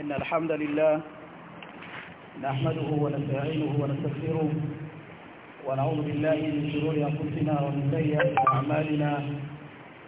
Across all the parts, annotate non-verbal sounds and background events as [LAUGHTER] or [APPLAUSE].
إن الحمد لله نحمده ونستعينه ونستغفره ونعوذ بالله من شرور أنفسنا ومن سيئات أعمالنا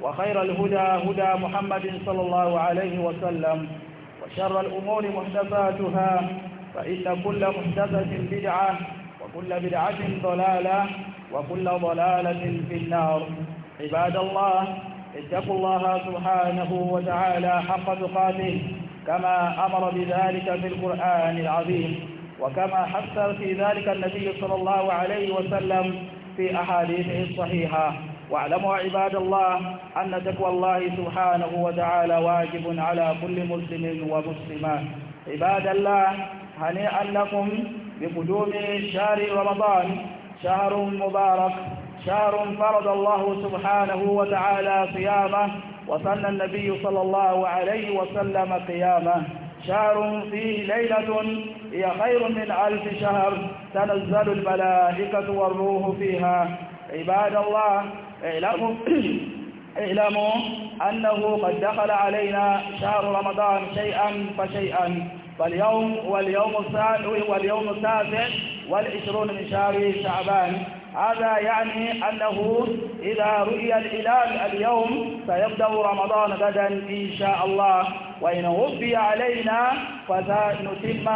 وخير الهدى هدى محمد صلى الله عليه وسلم وشر الأمور محدثاتها فإن كل محدثة بدعة وكل بدعة ضلالة وكل ضلالة في النار عباد الله اتقوا الله سبحانه وتعالى حق تقاته كما أمر بذلك في القرآن العظيم وكما حث في ذلك النبي صلى الله عليه وسلم في أحاديثه الصحيحة واعلموا عباد الله أن تقوى الله سبحانه وتعالى واجب على كل مسلم ومسلمة عباد الله هنيئا لكم بقدوم شهر رمضان شهر مبارك شهر فرض الله سبحانه وتعالى صيامه وسن النبي صلى الله عليه وسلم قيامه شهر فيه ليلة هي خير من ألف شهر تنزل الملائكة والروح فيها عباد الله اعلموا [CLEARS THROAT] اعلموا أنه قد دخل علينا شهر رمضان شيئا فشيئا فاليوم واليوم الثاني واليوم التاسع والعشرون من شهر شعبان هذا يعني أنه إذا رؤي الهلال اليوم سيبدأ رمضان غدا إن شاء الله وإن وفي علينا فسنتم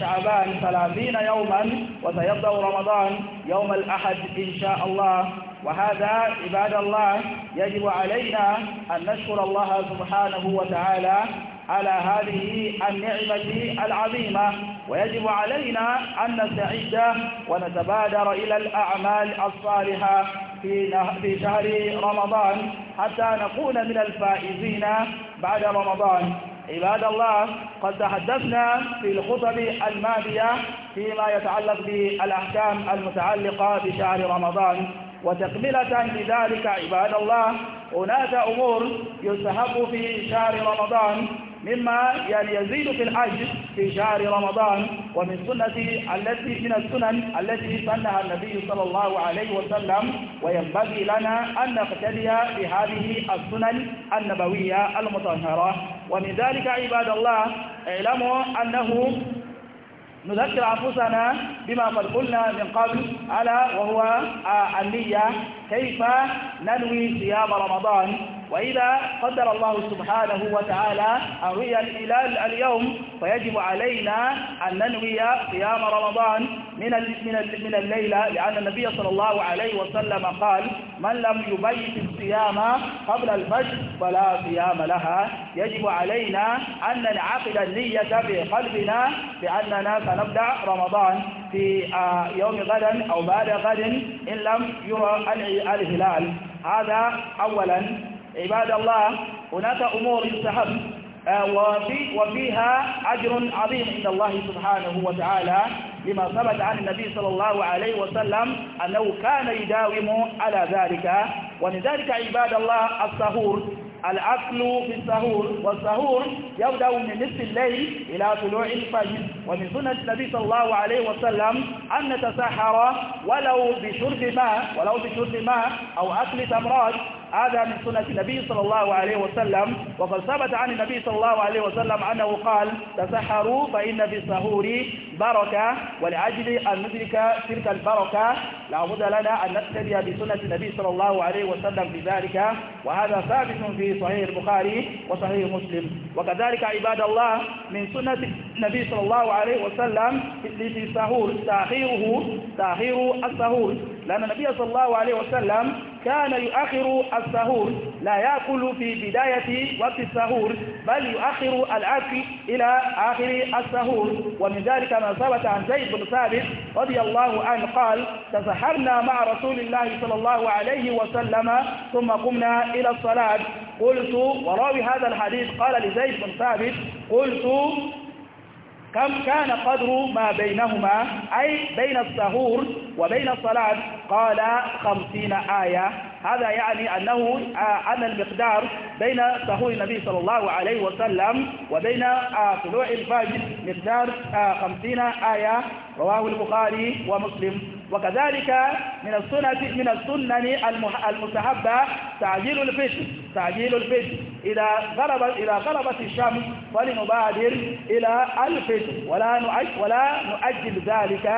شعبان ثلاثين يوما وسيبدأ رمضان يوم الأحد إن شاء الله وهذا عباد الله يجب علينا أن نشكر الله سبحانه وتعالى على هذه النعمة العظيمة ويجب علينا أن نستعد ونتبادر إلى الأعمال الصالحة في شهر رمضان حتى نكون من الفائزين بعد رمضان عباد الله قد تحدثنا في الخطب الماضية فيما يتعلق بالأحكام المتعلقة بشهر رمضان وتكملة لذلك عباد الله هناك أمور يستحب في شهر رمضان مما يعني يزيد في الحج في شهر رمضان ومن سنة التي من السنن التي سنها النبي صلى الله عليه وسلم وينبغي لنا أن نقتدي بهذه السنن النبوية المطهرة ومن ذلك عباد الله اعلموا أنه نذكر أنفسنا بما قد قلنا من قبل على وهو آه، النية كيف ننوي صيام رمضان وإذا قدر الله سبحانه وتعالى أن الإلال اليوم فيجب علينا أن ننوي صيام رمضان من من من الليلة لأن النبي صلى الله عليه وسلم قال من لم يبيت الصيام قبل الفجر فلا صيام لها يجب علينا أن نعقد النية في قلبنا بأننا سنبدأ رمضان في آه, يوم غدا أو بعد غد إن لم يرى الهلال هذا أولا عباد الله هناك أمور يستحب آه، وفي وفيها أجر عظيم عند الله سبحانه وتعالى لما ثبت عن النبي صلى الله عليه وسلم أنه كان يداوم على ذلك ولذلك عباد الله السهور الأكل في السهور والسهور يبدأ من نصف الليل إلى طلوع الفجر ومن سنة النبي صلى الله عليه وسلم أن نتسحر ولو بشرب ماء ولو بشرب ماء أو أكل تمرات هذا من سنة النبي صلى الله عليه وسلم وقد ثبت عن النبي صلى الله عليه وسلم أنه قال تسحروا فإن في السهور بركة ولأجل أن ندرك تلك البركة لابد لنا أن نقتدي بسنة النبي صلى الله عليه وسلم في ذلك وهذا ثابت في صحيح البخاري وصحيح مسلم وكذلك عباد الله من سنة النبي صلى الله عليه وسلم في السهور تأخيره تأخير السهور لأن النبي صلى الله عليه وسلم كان يؤخر السهور لا يأكل في بداية وقت السهور بل يؤخر الأكل إلى آخر السهور ومن ذلك ما ثبت عن زيد بن ثابت رضي الله عنه قال تسحرنا مع رسول الله صلى الله عليه وسلم ثم قمنا إلى الصلاة قلت وراوي هذا الحديث قال لزيد بن ثابت قلت كم كان قدر ما بينهما أي بين السهور وبين الصلاة قال خمسين آية هذا يعني أنه آه، أن المقدار بين سهو النبي صلى الله عليه وسلم وبين آه، طلوع الفجر مقدار آه، خمسين آية رواه البخاري ومسلم وكذلك من السنة من السنن المستحبة تعجيل الفجر تعجيل الفجر إذا غرب إذا غربت الشمس فلنبادر إلى الفجر ولا نؤجل ولا نؤجل ذلك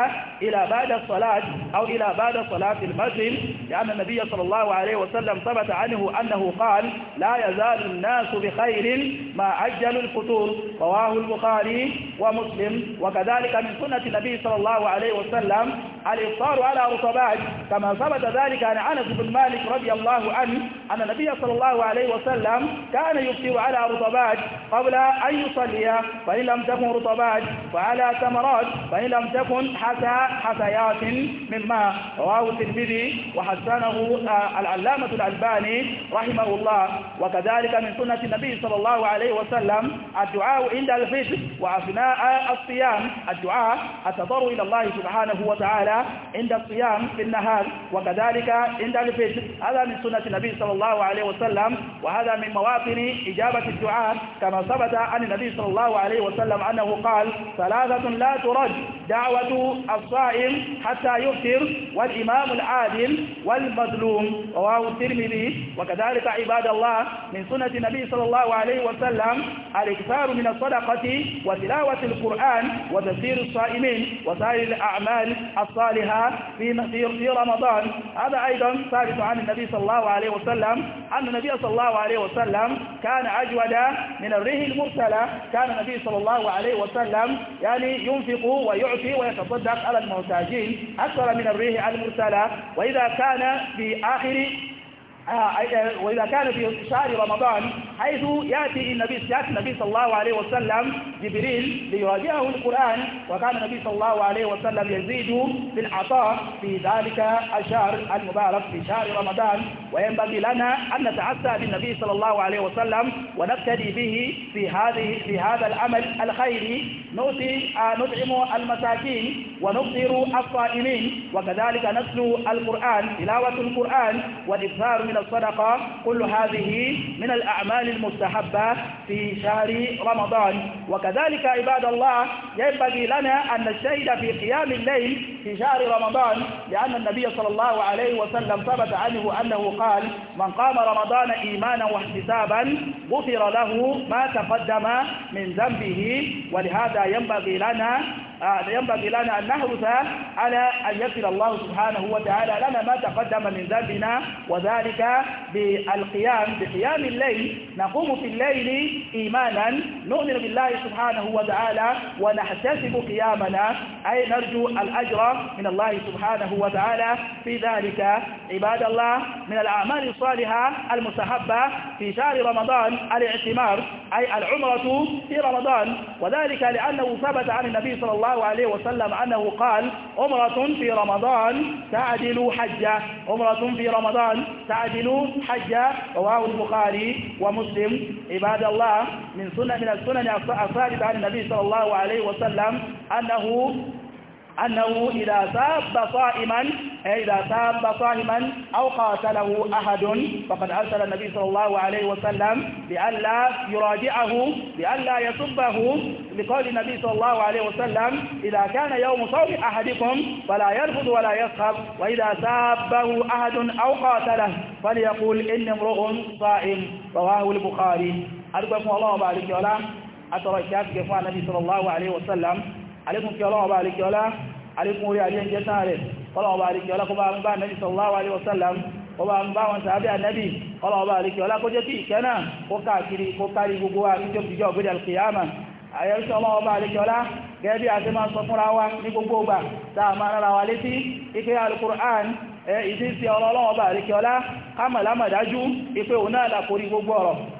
إلى بعد الصلاة أو إلى بعد صلاة المسجد لأن النبي صلى الله عليه وسلم ثبت عنه أنه قال لا يزال الناس بخير ما عجلوا الفطور رواه البخاري ومسلم وكذلك من سنة النبي صلى الله عليه وسلم الإفطار على رطبات كما ثبت ذلك عن أنس بن مالك رضي الله عنه أن النبي صلى الله عليه وسلم كان يفطر على رطبات قبل أن يصلي فإن لم تكن رطبات وعلى ثمرات فإن لم تكن حتى حسيات مما رواه الترمذي وحسنه آه، العلامة الألباني رحمه الله وكذلك من سنة النبي صلى الله عليه وسلم الدعاء عند الفجر وأثناء الصيام الدعاء التضرع إلى الله سبحانه وتعالى عند الصيام في النهار وكذلك عند الفجر هذا من سنة النبي صلى الله عليه وسلم وهذا من مواطن إجابة الدعاء كما ثبت عن النبي صلى الله عليه وسلم أنه قال ثلاثة لا ترد دعوة الصائم حتى المفطر والإمام العادل والمظلوم رواه الترمذي وكذلك عباد الله من سنة النبي صلى الله عليه وسلم الإكثار من الصدقة وتلاوة القرآن وتسير الصائمين وسائر الأعمال الصالحة في في رمضان هذا أيضا ثابت عن النبي صلى الله عليه وسلم أن النبي صلى الله عليه وسلم كان أجود من الريح المرسلة كان النبي صلى الله عليه وسلم يعني ينفق ويعفي ويتصدق على المحتاجين أكثر من الريح المرسلة وإذا كان في آخر آه، وإذا كان في شهر رمضان حيث يأتي النبي يأتي النبي صلى الله عليه وسلم جبريل ليراجعه القرآن وكان النبي صلى الله عليه وسلم يزيد في العطاء في ذلك الشهر المبارك في شهر رمضان وينبغي لنا أن نتعسى بالنبي صلى الله عليه وسلم ونبتدي به في هذه في هذا العمل الخيري نؤتي آه، نطعم المساكين ونفطر الصائمين وكذلك نتلو القرآن تلاوة القرآن والإكثار من من الصدقة كل هذه من الأعمال المستحبة في شهر رمضان وكذلك عباد الله ينبغي لنا أن نجتهد في قيام الليل في شهر رمضان لأن النبي صلى الله عليه وسلم ثبت عنه أنه قال من قام رمضان إيمانا واحتسابا غفر له ما تقدم من ذنبه ولهذا ينبغي لنا آه، ينبغي لنا أن نحرص على أن يغفر الله سبحانه وتعالى لنا ما تقدم من ذنبنا وذلك بالقيام بقيام الليل نقوم في الليل إيمانا نؤمن بالله سبحانه وتعالى ونحتسب قيامنا أي نرجو الأجر من الله سبحانه وتعالى في ذلك عباد الله من الأعمال الصالحة المستحبة في شهر رمضان الاعتمار أي العمرة في رمضان وذلك لأنه ثبت عن النبي صلى الله الله عليه وسلم أنه قال عمرة في رمضان تعدل حجة عمرة في رمضان تعدل حجة رواه البخاري ومسلم عباد الله من سنة من السنن الثابتة عن النبي صلى الله عليه وسلم أنه أنه إذا ساب صائما إذا ساب صائما أو قاتله أحد فقد أرسل النبي صلى الله عليه وسلم بألا يراجعه بألا يسبه لقول النبي صلى الله عليه وسلم إذا كان يوم صوم أحدكم فلا يرفض ولا يسخب وإذا سابه أحد أو قاتله فليقول إني امرؤ صائم رواه البخاري أرجوكم الله وبارك ولا أترى كيف كيف النبي صلى الله عليه وسلم alékún kí ọlọ́wọ́ bá alékí ọlá alékún orí alé jẹ́ sáà rẹ̀ ọlọ́wọ́ bá alékí ọlá kó bá ń bá nẹ́bí sallallahu alaihi wasallam kó bá ń bá wọn sàábẹ́ ànẹ́bí ọlọ́wọ́ bá alékí ọlá kó jẹ́ kí ìkẹ́ náà kó káàkiri kó kárí gbogbo wa ní jọ́bìjọ́ ògbédè alkiyama àyẹ̀rúṣẹ́ ọlọ́wọ́ bá alékí ọlá gẹ́gẹ́ bí a ti máa sọ fúnra wa ní gbogbo ìgbà tá a máa rárá wa létí ike alukur'an ìdí sí ọlọ́wọ́ bá alékí ọlá kámàlámàdájú ipe òun náà làkórí gbogbo ọ̀rọ̀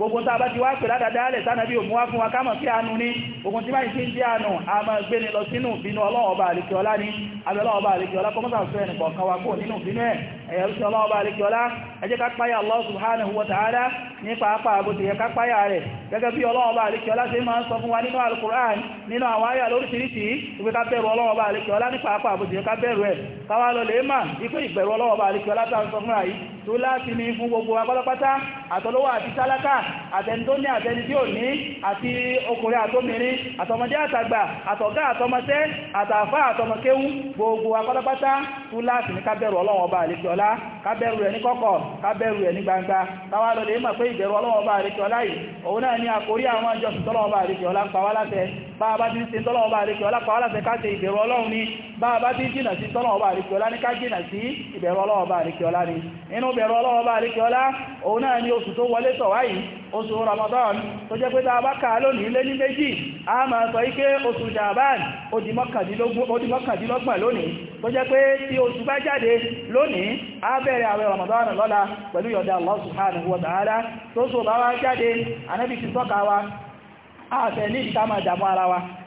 gbogbo tá a bá ti wá pè ládàdá alẹ̀ sánàbí òmú wá fún wa kámọ̀ sí àánú ní ogun tí báyìí sí ń jẹ́ àánú a máa gbé ni lọ sínú ìbínú ọlọ́wọ́ ọba àlekè ọlá ní abẹ́lọ́wọ́ ọba àlekè ọlá kọ́mọ́sà fẹ́ nìkan kan wa kó nínú ìbínú ẹ̀ ẹ̀yẹ̀rú sí ọlọ́ọ̀bá alékiọlá ẹjẹ́ kápáyà Allah subhanahu wa ta'ala ní pàápàá àgbòtò yẹ kápáyà rẹ̀ gẹ́gẹ́ bí ọlọ́ọ̀bá alékiọlá ṣe máa ń sọ fún wa nínú al-Qur'an nínú àwọn àyà lóríṣiríṣi ìpé ká bẹ̀rù ọlọ́ọ̀bá alékiọlá ní pàápàá àgbòtò yẹ bẹ̀rù ẹ̀ káwá lọ lè mà ipé ìbẹ̀rù ọlọ́ọ̀bá alékiọlá tá à ń sọ fún ọlá kábẹ̀rù rẹ̀ ní kọ̀kọ̀ kábẹ̀rù rẹ̀ ní gbangba káwà lọ lè mọ̀ pé ìbẹ̀rù ọlọ́wọ́ bá àríkẹ́ ọlá yìí òun náà ni àkórí àwọn ìjọsìn tọ́lọ́wọ́ bá àríkẹ́ ọlá ń pa wá látẹ bába ti ń ṣe tọ́lọ̀ ọba àríkẹ́ ọlápàá aláṣẹ ká ṣe ìbẹ̀rù ọlọ́run ni bába ti jìnà sí tọ́lọ̀ ọba àríkẹ́ ọlá ní ká jìnà sí ìbẹ̀rù ọlọ́run ọba àríkẹ́ ọlá ni inú bẹ̀rù ọlọ́run ọba àríkẹ́ ọlá òun náà ni oṣù tó wọlé tọ̀ wáyìí oṣù Ramadan tó jẹ́ pé tàbá ká lónìí lé ní méjì a máa sọ ike oṣù Shaban ó di mọ́kàndínlọ́gbọ̀n lónìí tó jẹ́ pé tí oṣù bá jáde lónìí a bẹ̀rẹ̀ àwẹ̀ Ramadan lọ́la pẹ̀lú yọ̀dá Allah subhanahu wa ta'ala tó sọ bá wá jáde anábì ti wa àfẹ́ ní ìta máa dàmú ara wa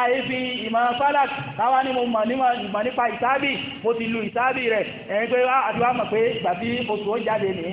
àìfi ìmọ̀ falak káwá ní mo mọ̀ nípa ìsáàbì mo ti lu ìsáàbì rẹ̀ ẹ̀yìn pé ah, àdúrà mọ̀ pé gbàbí oṣù ó jáde nìí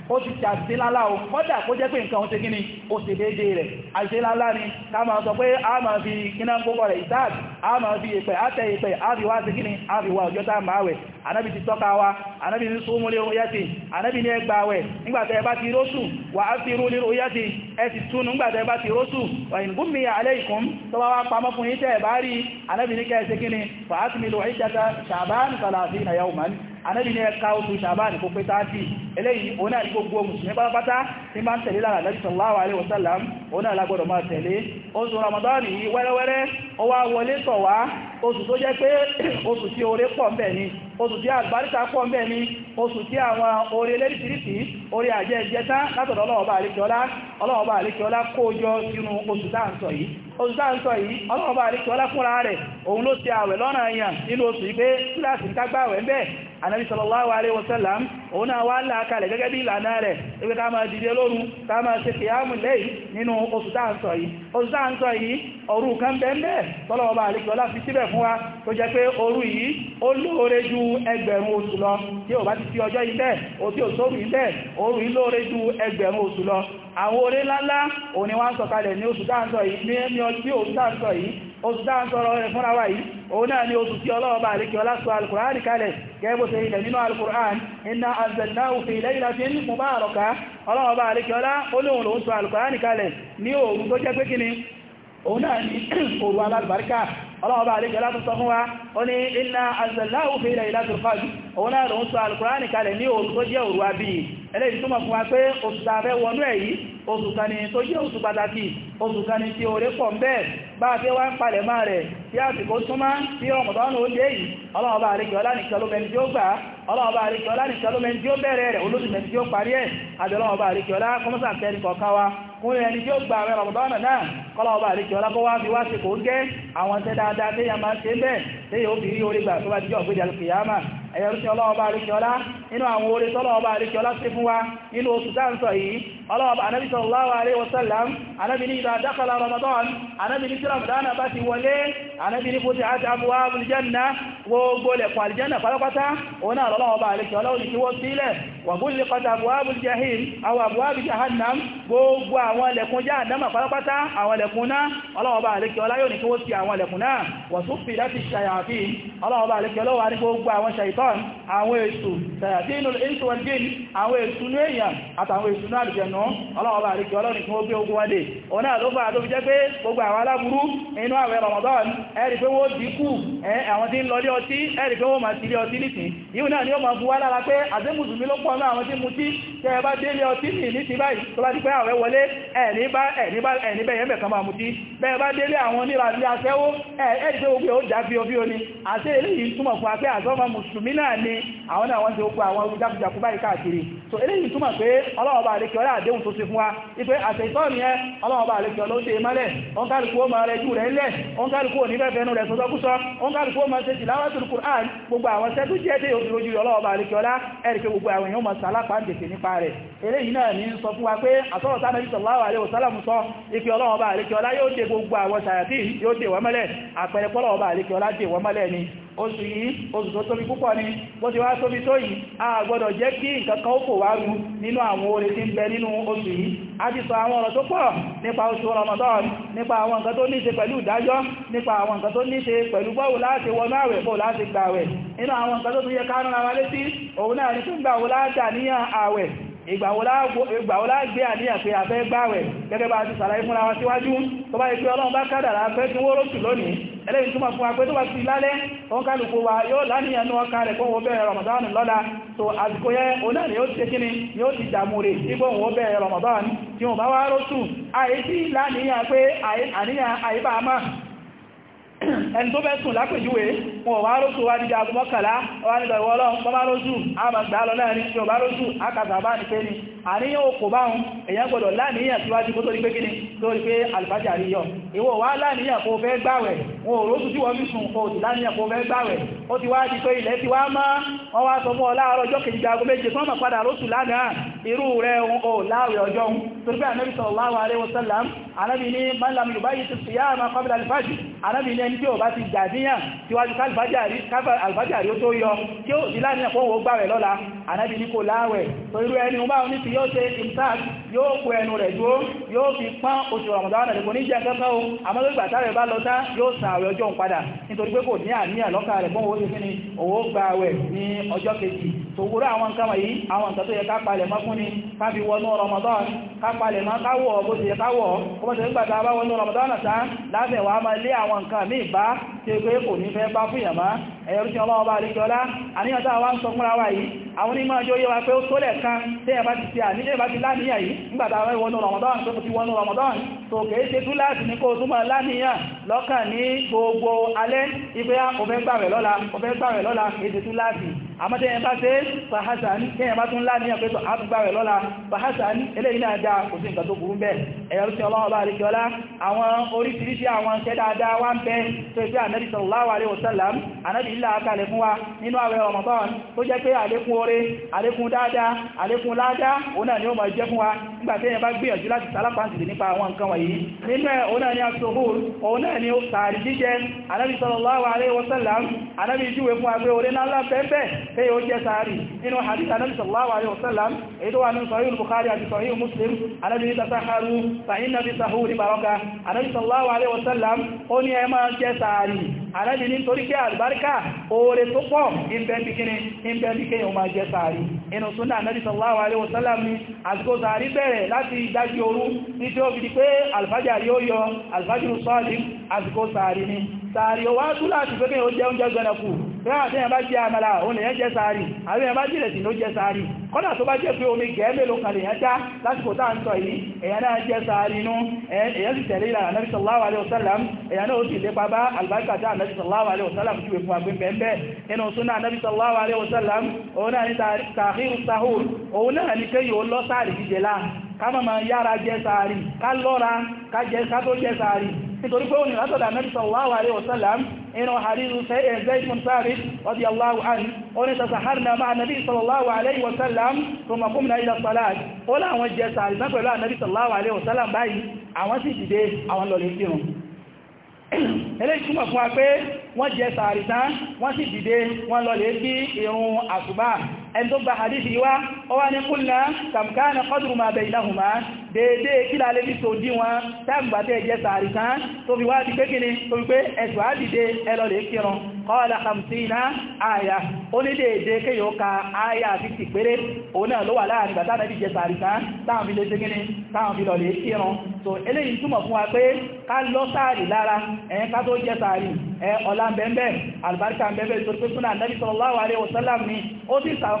ó ti ṣe àṣìṣẹ́lálá o kọ́dà kó jẹ́ pé nǹkan ṣe gíní ó ṣe déédé rẹ̀ àṣìṣẹ́lálá ni ká máa sọ pé a máa fi kíná gbogbo rẹ̀ ìsáàdì a máa fi èpẹ̀ àtẹ èpẹ̀ àríwá sí gíní àríwá ọjọ́ tá máa wẹ̀ anábi ti tọ́ka wa anábi ní súnmúlé oyẹ́sì anábi ní ẹgbàwẹ̀ nígbàtẹ̀ ẹbá ti rósù wà á fi rúlé oyẹ́sì ẹ ti ànábì ní ẹka oṣù ṣàbáàni kó pé táàtì eléyìí òun náà ní gbogbo mùsùlùmí pátápátá tí máa ń tẹ̀lé lára ànábì sallallahu alaihi wasallam òun náà lágbọ́dọ̀ máa tẹ̀lé oṣù ramadan yìí wẹ́rẹ́wẹ́rẹ́ ó wá wọlé tọ̀ wá oṣù tó jẹ́ pé [CLEARS THROAT] oṣù tí oore pọ̀ ń bẹ ni oṣù tí àgbáríta pọ̀ ń bẹ ni oṣù tí àwọn oore lẹ́rìsìrìsì oore àjẹ́ ìjẹta látọ̀dọ̀ ọlọ́ọ̀bá àríkíọlá ọlọ́ọ̀bá àríkíọlá kó jọ sínú oṣù tá à ń sọ yìí oṣù tá à ń sọ yìí ọlọ́ọ̀bá àríkíọlá fúnra rẹ̀ òun ló ti àwẹ̀ lọ́nà àyàn nínú oṣù yìí kíláàsì ń kágbàwẹ̀ bẹ́ẹ̀ anábi sallallahu alaihi wasallam òun náà wá láàkalẹ̀ gẹ́gẹ́ bí ìlànà rẹ̀ ibi ká máa dìde lóru ká máa ṣe kìyàmù lẹ́yìn nínú oṣù táàntọ̀ yìí oṣù táàntọ̀ yìí òru kan bẹ́ẹ̀ tọ́lọ̀ọba àlejòọlá fi síbẹ̀ fún wa tó jẹ́ pé òru yìí ó lóore ju ẹgbẹ̀rún oṣù lọ tí ò bá ti fi ọjọ́ ilẹ̀ ò tí ò oṣù dáa ń sọ̀rọ̀ rẹ̀ fúnra wáyí òun náà ni oṣù tí ọlọ́ọ̀bá àríkì ọlásọ alkùránì kalẹ̀ gẹ́gbó ṣe ilẹ̀ nínú alkùrán iná azẹ̀láhù fi ilẹ̀ ìlàfí ní mú bá àrọ̀ká ọlọ́ọ̀bá àríkì ọlá olóhun òun náà ni [CLEARS THROAT] òru alábàríkà ọlọ́ọ̀bá àríkẹ́ látún sọ fún wa ó ní iná azàláwò fi ilẹ̀ ìlàtò náà túnmọ̀ fún wa pé wọnú ni tó jẹ́ oṣù pàtàkì oṣù kan ni tí pọ̀ ń bẹ́ẹ̀ bá a fẹ́ wá ń palẹ̀ máa rẹ̀ tí súnmá tí ó yìí ọlọ́ọ̀bá fún ẹni tí ó gba àwẹ̀ Ramadan náà kọ́lá ọba àríkẹ́ ọlákọ́wà bí wá sí kò ń gẹ́ àwọn tẹ́ dáadáa tẹ́yà máa ṣe bẹ́ẹ̀ tẹ́yà ó fi rí orí gbà tó bá jíjọ́ ògbéjà kìyàmà ẹ̀yẹ̀rúsí ọlọ́ọba àríkẹ́ ọlá inú àwọn orí ọlọ́wọ́ bá anábi sallallahu alaihi wasallam anábi ní ìdá dákàlá ramadan anábi ní tíra mùdánà bá ti wọlé anábi ní fòtí àti àbúwá aljanna gbogbo lẹ̀kọ̀ aljanna pátápátá òun náà lọ́wọ́ bá àwọn àbúwá jahannam gbogbo àwọn lẹ̀kùn jìn àwọn èṣù ní èèyàn àtàwọn èṣù náà lùjẹ̀nù márùn-ún ọlọ́ọ̀bá àríkì ọlọ́rin fún ogé ogun wádé òun náà ló bá tó fi jẹ́ pé gbogbo àwọn aláburú inú àwẹ̀ Ramadan ẹ̀rì pé wó dínkù àwọn tí ń lọ lé ọtí ẹ̀rì pé wó máa ti lé ọtí nìsín yíò náà ni ó máa bu wá lára pé àdémùsùnmí ló pọ̀ náà àwọn tí mu tí tẹ́ ẹ bá délé ọtí nì ní ti báyìí tó bá ti pẹ́ àwẹ̀ wọlé ẹ̀ní bá ẹ̀ní bẹ́yẹn bẹ̀ kan máa mu tí bẹ́ẹ̀ bá délé àwọn onírà ní ni àwọn náà wọ́n ti ó pa so eléyìí túmọ̀ pé ọlọ́wọ́ bá àdéhùn tó ṣe fún wa ipé àtẹ̀tọ́ ni ẹ ọlọ́ọ̀bá àlejò ló ṣe mọ́lẹ̀ ó ń kálukú ó máa rẹ jù rẹ̀ ńlẹ̀ ó ń kálukú ò ní fẹ́fẹ́ nú rẹ̀ sọ́sọ́kúsọ ó ń kálukú ó máa ṣe tilawatul Qur'an gbogbo àwọn iṣẹ́ tó jẹ́ déyò fi ojú ọlọ́ọ̀bá àlejò ọlá ẹ̀rìkẹ́ gbogbo àwọn èèyàn máa sàlápàá ń tètè nípa rẹ̀ eléyìí náà ní sọ fún wa pé àtọ́rọ̀ tánàbí sallallahu alaihi wasallam sọ ife ọlọ́ọ̀bá àlejò ọlá yóò dé gbogbo àwọn sàyàtì yóò dé wọ́n mọ́lẹ̀ àpẹẹrẹ pọ́lọ́ọ̀bá àlejò ọlá dé wọ́n mọ́lẹ̀ ni oṣù yìí oṣù tó tóbi púpọ̀ ni bó ti wá tóbi tó yìí a gbọ́dọ̀ jẹ́ kí nǹkankan ó kò wá rú nínú àwọn oore tí ń bẹ nínú oṣù yìí a ti sọ àwọn ọ̀rọ̀ tó pọ̀ nípa oṣù Ramadan nípa àwọn nǹkan tó níṣe pẹ̀lú ìdájọ́ nípa àwọn nǹkan tó níṣe pẹ̀lú bọ́ọ̀wù láti wọnú àwẹ̀ bọ́ọ̀ láti gbà àwẹ̀ nínú àwọn nǹkan tó tún yẹ kánú ara létí òun náà ni tó gbà wọ́n láti àníyàn àwẹ̀ ìgbàwọlá gbé àníyàn pé a fẹ́ gbàwẹ̀ gẹ́gẹ́ bá ti sàlàyé fúnra wa síwájú tó bá ikú ọlọ́run bá kádàrà fẹ́ tí wó rótù lónìí eléyìí túnmọ̀ fún agbé tó bá ti lálẹ́ òun kálùkù wa yóò láníyàn ní ọkà rẹ̀ pọ́wọ́ bẹ̀rẹ̀ Ramadan lọ́la tó àsìkò yẹ òun ni ó ti kíni ni ó ti dàmú rẹ̀ nígbò bẹ̀rẹ̀ Ramadan [CLEARS THROAT] ẹni tó bẹ́ sùn lápèjúwe wọn ò bá rósù wá dídá agbó mọ́kànlá wá nígbà ìwọ́lọ́ wọ́n bá rósù àmàgbà lọ náà ní ọba rósù akàtà bá ní pé ní àníyàn òkò báhùn èyàn gbọ́dọ̀ láníyàn síwájú kó tó rí pé kíní lórí pé àlùfájà rí yọ ìwọ wá láníyàn kó fẹ́ gbàwẹ̀ wọn ò rósù tí wọ́n fi sùn kó láníyàn kó fẹ́ gbàwẹ̀ ó ti wá di pé ilẹ̀ ti wá mọ́ wọ́n wá sọ fún ọ láàárọ̀ ọjọ́ kejì aago méje tó mọ̀ padà rósù lánàá irú rẹ̀ ò láàwẹ̀ ọjọ́ torí pé ànábì sallallahu alaihi wasallam ànábì ní man lam yubayyit as-siyama qabla al-fajr arábìnrin ẹni tí ó bá ti jàdíyàn tíwájú alfájàrí ó tó yọ kí ó sílá ní ẹ̀kọ́ ògbà rẹ̀ lọ́la arábìnrin kò láàwẹ̀ tó irú ẹni ọba òní tí yóò ṣe imtaz yóò kó ẹnu rẹ̀ dúró yóò fi pán oṣù Ramadan rẹ̀ kò ní jẹ́ kẹ́kẹ́ o àmọ́ lórí bàtà rẹ̀ bá lọ tán yóò san àwẹ̀ ọjọ́ ń padà nítorí pé ni owó tòwúrú àwọn nǹkan wọ̀nyí àwọn nǹkan tó yẹ ká palẹ̀ mọ́ fún ni ká fi wọnú Ramadan ká palẹ̀ mọ́ káwọ̀ bó ti yẹ káwọ̀ kó mọ́ tẹ̀lé gbàtà bá wọnú Ramadan tán lábẹ̀ wà máa lé àwọn nǹkan míì bá tí pé kò ní fẹ́ bá fún ìyàmá ẹ̀yọ́ tí ọlọ́wọ́ bá ríkẹ́ ọlá àníyàn tàà wá ń sọ múra wà yìí àwọn onímọ̀ ọjọ́ yíwa pé ó tó lẹ̀kan Ramadan tó Ramadan tó kèé ṣe tú láti ní kó túnmọ̀ láníyàn lọ́kàn ní gbogbo alẹ́ ipé ó fẹ́ gbàwẹ̀ lọ́la ó fẹ́ gbàwẹ̀ láti àmọ́tẹ́ yẹn bá ṣe fàhásà ní kẹyàn bá tún láàrin àpẹtọ̀ àtúgbà rẹ̀ lọ́la fàhásà ní eléyìn náà dáa kò sí nǹkan tó burú bẹ́ẹ̀ ẹ̀yọ́ sí ọlọ́wọ́ bá rí kíọ́lá àwọn oríṣiríṣi àwọn ṣẹ́ dáadáa wá ń bẹ wa nínú àwẹ̀ Ramadan tó jẹ́ pé àlékún oore àlékún dáadáa àlékún ni ó máa jẹ́ fún wa nígbà tí èèyàn bá gbìyànjú láti sálápàǹtì ni asuhur òun ni sàárì jíjẹ ànábì sallallahu alaihi wasallam ànábì júwe fún wa pé oore náà pé ó jẹ́ sáàrì nínú hadith anábi sallallahu alaihi wasallam èyí tó wà nínú sahih bukhari àti sahih muslim anábi ní tasaharu fa inna fi sahuri baraka anábi sallallahu alaihi ó ní ẹ jẹ́ sáàrì anábi torí pé àlùbáríkà oore tó pọ̀ ìbẹ̀bìkini sàárì ọwá tú láti pé kíyàn ó jẹ oúnjẹ gbẹ̀nàkù rárá tí yàn bá jẹ àmàlà òun lèyàn jẹ sàárì àwọn èyàn bá jẹ ìrẹsì ló jẹ sàárì kọ́nà tó bá jẹ́ pé omi gẹ̀ẹ́mẹ́ ló kàlẹ̀ yẹn já lásìkò táà ń sọ yìí èyàn náà jẹ́ sàárì inú èyàn sì tẹ̀lé ìlànà Nabi sallallahu alaihi wasallam èyàn náà ó sì lépa bá àlùbáríkà tá Nabi sallallahu alaihi wasallam ká má máa yára jẹ sàárì ká lọ́ra ká jẹ ká tó jẹ sàárì nítorí pé òní látọ̀dà Ànábì sallallahu alaihi wasallam inú hadithu Zayd ibn Thabit radiyallahu anhu ó ní tasaharna ma'a Nabi sallallahu alaihi wasallam thumma qumna ila salat ó láwọn jẹ sàárì náà pẹ̀lú Ànábì sallallahu alaihi wasallam báyìí àwọn sì dìde àwọn lọ lè kírun eléyìí túmọ̀ fún ẹni tó gba hadithi wá ó wá ní kúlná kàmkánà kọdùrù ma baynahuma dédé kílà lè fi sòdí wọn tágbàtẹ́ jẹ́ sàárì tán tó fi wá di pé kíni tó fi pé ẹ̀sùn àdìdé ẹlọ́lẹ̀ kírun qala khamsina àyà ó ní dédé kéyò ka àyà àti ti péré òun náà ló wà láàrin bàtà náà fi jẹ so eléyìí túmọ̀ fún wa pé ká lọ sàárì lára ẹ̀yẹn ká tó jẹ sàárì ẹ̀ ọ̀la ń bẹ́ẹ̀ bẹ́ẹ̀ àlùbáríkà ń bẹ́ẹ̀ bẹ́ẹ̀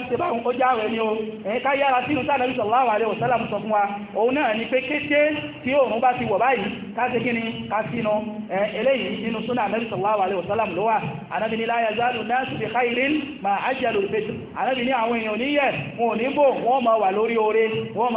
ti ṣe báwọn ó jáwẹ̀ ní o ẹ̀yìn ká yára sínú tánà bí sallallahu alaihi wasallam sọ fún wa òun náà ni pé kété tí òun bá ti wọ̀ báyìí ká ṣe kí ni ká sínú eléyìí nínú súnà Ànábì sallallahu alaihi wasallam ló wà Ànábì ní la yazalu nasu bi khairin ma ajjalul fitr Ànábì ní àwọn èèyàn níyẹ̀ wọn ò ní bò wọ́n máa wà lórí oore wọ́n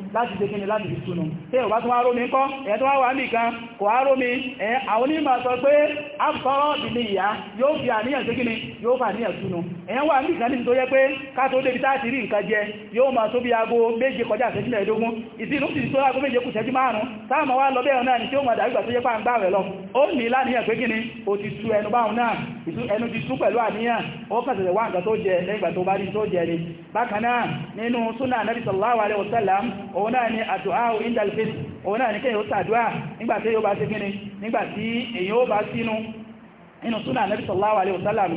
láti ṣe kíni láti ìtùnù tí ò bá tún wá rómi kọ́ ẹ̀ tó wá wà nìkan kò wá rómi ẹ̀ àwọn onímọ̀ sọ pé àbúkọ́rọ̀ ìdílé ìyá yóò fi àníyàn sí kíni yóò fà níyàn túnú ẹ̀yàn wà nìkan ní tó yẹ pé ká tó ni tí ó máa dàgbà tó yẹ pà ń gbà rẹ̀ lọ ó ní láníyàn pé kíni ó ti tú ẹnu báhùn náà ẹnu ti tú pẹ̀lú àníyàn ó kàtẹ̀lẹ̀ wá tó jẹ lẹ́yìn tó òun náà ni àdúà indalfit òun náà ni kí èyàn tàdúà nígbàtí èyàn bá ṣe gíní nígbàtí èyàn ó bá sínú inú súnà Nabi sallallahu alaihi wasallam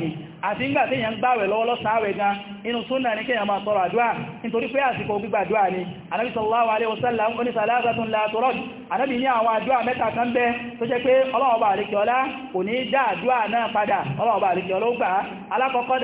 àti ńgbà tí èyàn ń gbàwẹ̀ lọ́wọ́ lọ́sàáwẹ̀ gan inú súnnà ní kíyàn máa tọrọ àdúà nítorí pé àsìkò gbígbàdúà ni anábi sallallahu alaihi wasallam ní sàlásàtún látọrọd anábi ní àwọn àdúà mẹ́ta kan bẹ́ tó jẹ́ pé ọlọ́ọ̀bà àríkẹ́ọlá kò ní dá àdúà náà padà ọlọ́ọ̀bà àríkẹ́ọlá ó gbà alákọ̀ọ́kọ́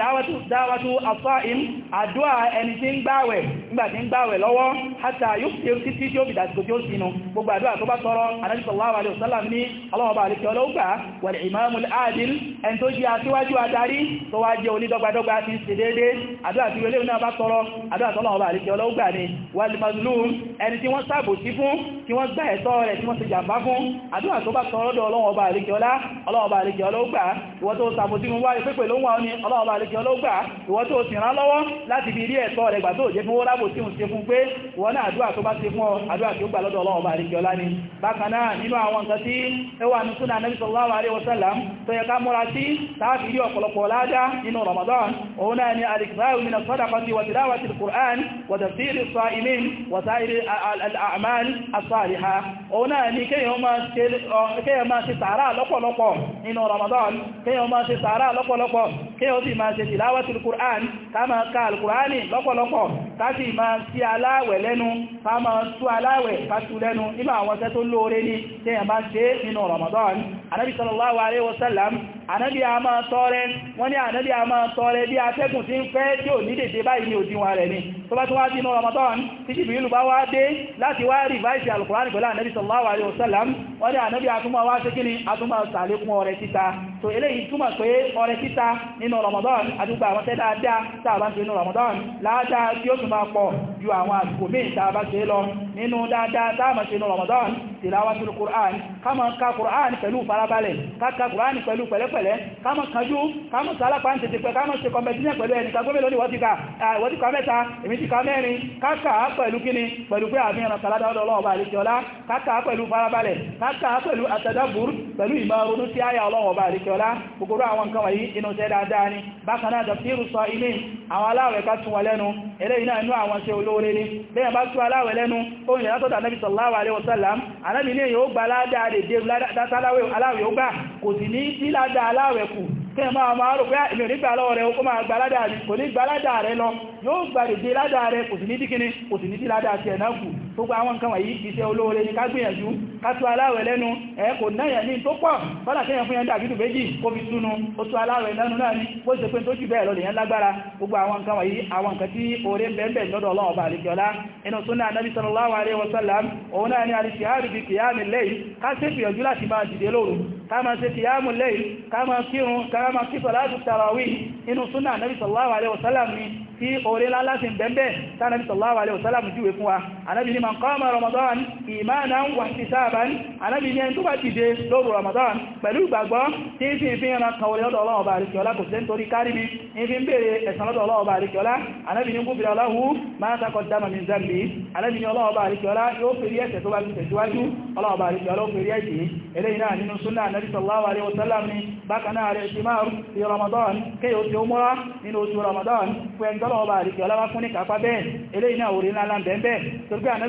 dáwàtú as-sa'im àdúà ẹni tí ń gbàwẹ̀ nígbà tí ń gbàwẹ̀ lọ́wọ́ hatta yuftir títí tí ó bìdà sí kòjó sínú gbogbo àdúà tó bá tọrọ anábi sallallahu alaihi wasallam ní ọlọ́ọ̀bà àríkẹ́ọlá ó gbà wal imamul adil ẹni tó jẹ́ aṣíwájú adarí tó wá jẹ́ onídọ́gbadọ́gba ti ṣe déédé àdúrà tí olè náà bá tọrọ àdúrà tọ́lọ̀ ọba àríkẹ́ ọlọ́gbà ni wal mazlum ẹni tí wọ́n ṣàbòsí fún tí wọ́n gbá ẹ̀tọ́ rẹ̀ tí wọ́n ṣe jàmbá fún àdúrà tó bá tọrọ dọ̀ ọlọ́wọ́ ọba àríkẹ́ọlá ọlọ́wọ́ ọba àríkẹ́ọlá ó gbà ìwọ́n tó sàbòsí mú wáyé pépè ló ń wà ní ọlọ́wọ́ ọba àríkẹ́ọlá ó gbà ìwọ́n tó sì rán lọ́wọ́ láti fi rí ẹ̀tọ́ rẹ̀ gbà tó jẹ́ fún ó rábò tí ń ṣe fún pé ìwọ́n náà àdúrà tó bá ṣe fún ọ àdúrà tí ó gbà lọ́dọ̀ ọlọ́wọ́ ọba àríkẹ́ọlá ni bákan náà nínú àwọn nǹkan tí ó wà ní súnà nẹ́bí sallallahu alaihi wasallam tó yẹ ká múra sí tàbí rí ọ̀pọ̀lọpọ̀ ládá nínú Ramadan òun náà ni al-ikthar min as-sadaqati wa tilawati al-Qur'an wa tafsir as-sa'imin wa sa'ir al-a'mal as àríhá òun náà ní kéèyàn máa ṣe sàárà lọ́pọ̀lọpọ̀ nínú Ramadan kéèyàn máa ṣe sàárà lọ́pọ̀lọpọ̀ kéèyàn sì máa ṣe tìláwàtí al-Qur'an ká máa ka al-Qur'ani lọ́pọ̀lọpọ̀ ká sì máa sí aláwẹ̀ lẹ́nu ká máa tú aláwẹ̀ ká tú lẹ́nu nínú àwọn ànábì a máa tọrẹ wọ́n ní ànábì a máa tọrẹ bí atẹ́gùn tí ń fẹ́ tí ò ní dèdè báyìí ní òdiwọ̀n rẹ̀ ni tó bá tún wá dínú Ramadan tí Jibril bá wá dé láti wá rìváìsì Al-Qur'an pẹ̀lú ànábì sallallahu alaihi wasallam wọ́n ní ànábì atúmọ̀ ni atúmọ̀ sàlékún ọrẹ títa so eléyìí túmọ̀ pé ọrẹ títa nínú Ramadan àdúgbò àwọn tẹ́ dáadáa tá Ramadan láadáa tí ó tún máa pọ̀ ju àwọn àsìkò míì tá a bá Ramadan tilawatul Qur'an ká máa ka Qur'an pẹ̀lú farabalẹ̀ ká ka Qur'an pẹ̀lú pẹ̀lẹ́pẹ̀lẹ́ ká máa kanjú ká máa sálápá ń tètè pẹ̀ ká máa ṣe kọmpẹtíṣẹ̀ pẹ̀lú ẹnì kan gómìnà níwọ̀n ti ka ìwọ̀n ti ka mẹ́ta èmi ti ka mẹ́rin ká kà á pẹ̀lú kíni pẹ̀lú pé àfihàn sàládà ọ̀dọ̀ ọlọ́wọ́ bá àlejò ọlá ká kà á pẹ̀lú farabalẹ̀ ká kà á pẹ̀lú atadabbur pẹ̀lú ìmọ̀-ronú sí àyà ọlọ́wọ́ bá àlejò ọlá gbogbo àwọn nǹkan wọ̀nyí inú tẹ́ dáadáa ni bákan náà dọ̀kírù anábì ní èyàn ó gba ládàá lè dé aláwẹ̀ ó gbà kò sì ní sí ládàá aláwẹ̀ kù kí ẹ máa máa rò pé ah, èmi ò ní gbà lọ́wọ́ rẹ̀ ó máa gba rẹ̀ lọ yóò gba lè dé ládàá rẹ̀ kò sì ní díkíní kò sì ní sí ládàá ti ẹ̀ náà kù gbogbo àwọn nǹkan wọ̀nyí iṣẹ́ olóore ní ká gbìyànjú ká tú aláwẹ̀ lẹ́nu ẹ kò náyà ní tó pọ̀ bọ́lá kẹ́yàn fún yẹn dàbídù méjì kó fi túnú ó tú aláwẹ̀ lẹ́nu náà ní bó ṣe pé tó jù bẹ́ẹ̀ lọ lèyàn lágbára gbogbo àwọn nǹkan wọ̀nyí àwọn nǹkan tí oore ń bẹ̀ẹ̀ lọ́dọ̀ ọlọ́run ọba àlejòlá kama ṣe kìyàmù lẹ́yìn kama kírun kama kí sọ̀látù tàràwí inú súnà nàbí sallallahu alaihi ni tí oore lálásin bẹ̀m̀bẹ̀ tánàbí sallallahu alaihi wasallam júwe fún wa anábì man qama ramadan imanan wa ihtisaban Ànábì ní ẹni tó bá ti dé lóru ramadan pẹ̀lú ìgbàgbọ́ tí ń fi ń fi ń ran kàwọlẹ̀ ọ̀dọ̀ ọlọ́wọ̀ bá àríkẹ́ọlá kò sí nítorí kárí mi ń fi ń bèèrè ẹ̀san lọ́dọ̀ ọlọ́wọ̀ bá àríkẹ́ọlá Ànábì ní gúfèrè ọlọ́hu máa takọ̀ dámà min zambi Ànábì ní ọlọ́wọ̀ bá àríkẹ́ọlá yóò fèrè ẹ̀ṣẹ̀ tó bá ti tẹ̀síwájú ọlọ́wọ̀ bá àríkẹ́ọlá ó fèrè ẹ̀ṣẹ̀ eléyìí náà nínú súnà Ànábì sallallahu alaihi wasallam ni bákan náà rẹ̀ ti máa fi ramadan kéyò tí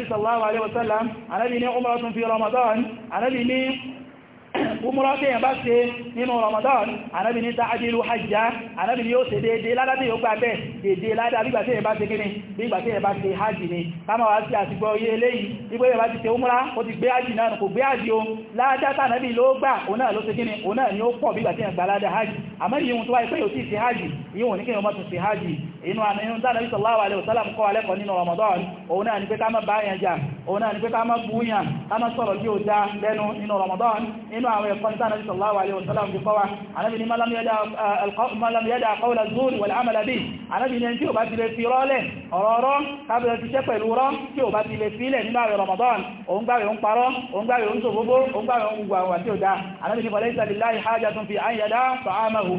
sallallahu alaihi wasallam anabi ní umratun fi ramadan anabi ní umura tí yẹn ṣe nínú Ramadan anábi ní tàájílù hajjá anábi ni yóò ṣe dédé ládá tí yóò gbà bẹ́ dédé ládá bí gbàtí yẹn bá ṣe kíní bí gbàtí yẹn bá ṣe hajji ni káma sí àti umura ó ti gbé hajji náà kò gbé hajji o ládá tànábi ló gbà òun náà ni ó pọ̀ bí gbàtí yẹn gbà ládá hajji àmọ́ yìí hajji yìí òun ní hajji inú àmì inú tánà bí sallallahu alaihi wasallam kọ́ alẹ́kọ̀ọ́ Ramadan òun ni pé ká má ni pé ká má bú yàn ká Ramadan nínú àwọn ẹ̀kọ́ ní sáà sallallahu alaihi wasallam fi kọ́wa eh, anábì ní malam yada qawla zuri wal amala bi anábì ní tí ó bá ti lè fi rọ́lẹ̀ ọ̀rọ̀ọ̀rọ̀ kábẹ̀rẹ̀ ti jẹ́ pẹ̀lú rọ́ tí ó bá ti lè fílẹ̀ nínú àwẹ̀ ramadan òun gbáwẹ̀ òun parọ́ òun gbáwẹ̀ òun tòbóbó òun gbáwẹ̀ òun gbogbo àwọn àti òdá anábì ní falaysa lillahi hajatun fi an yada ta'amahu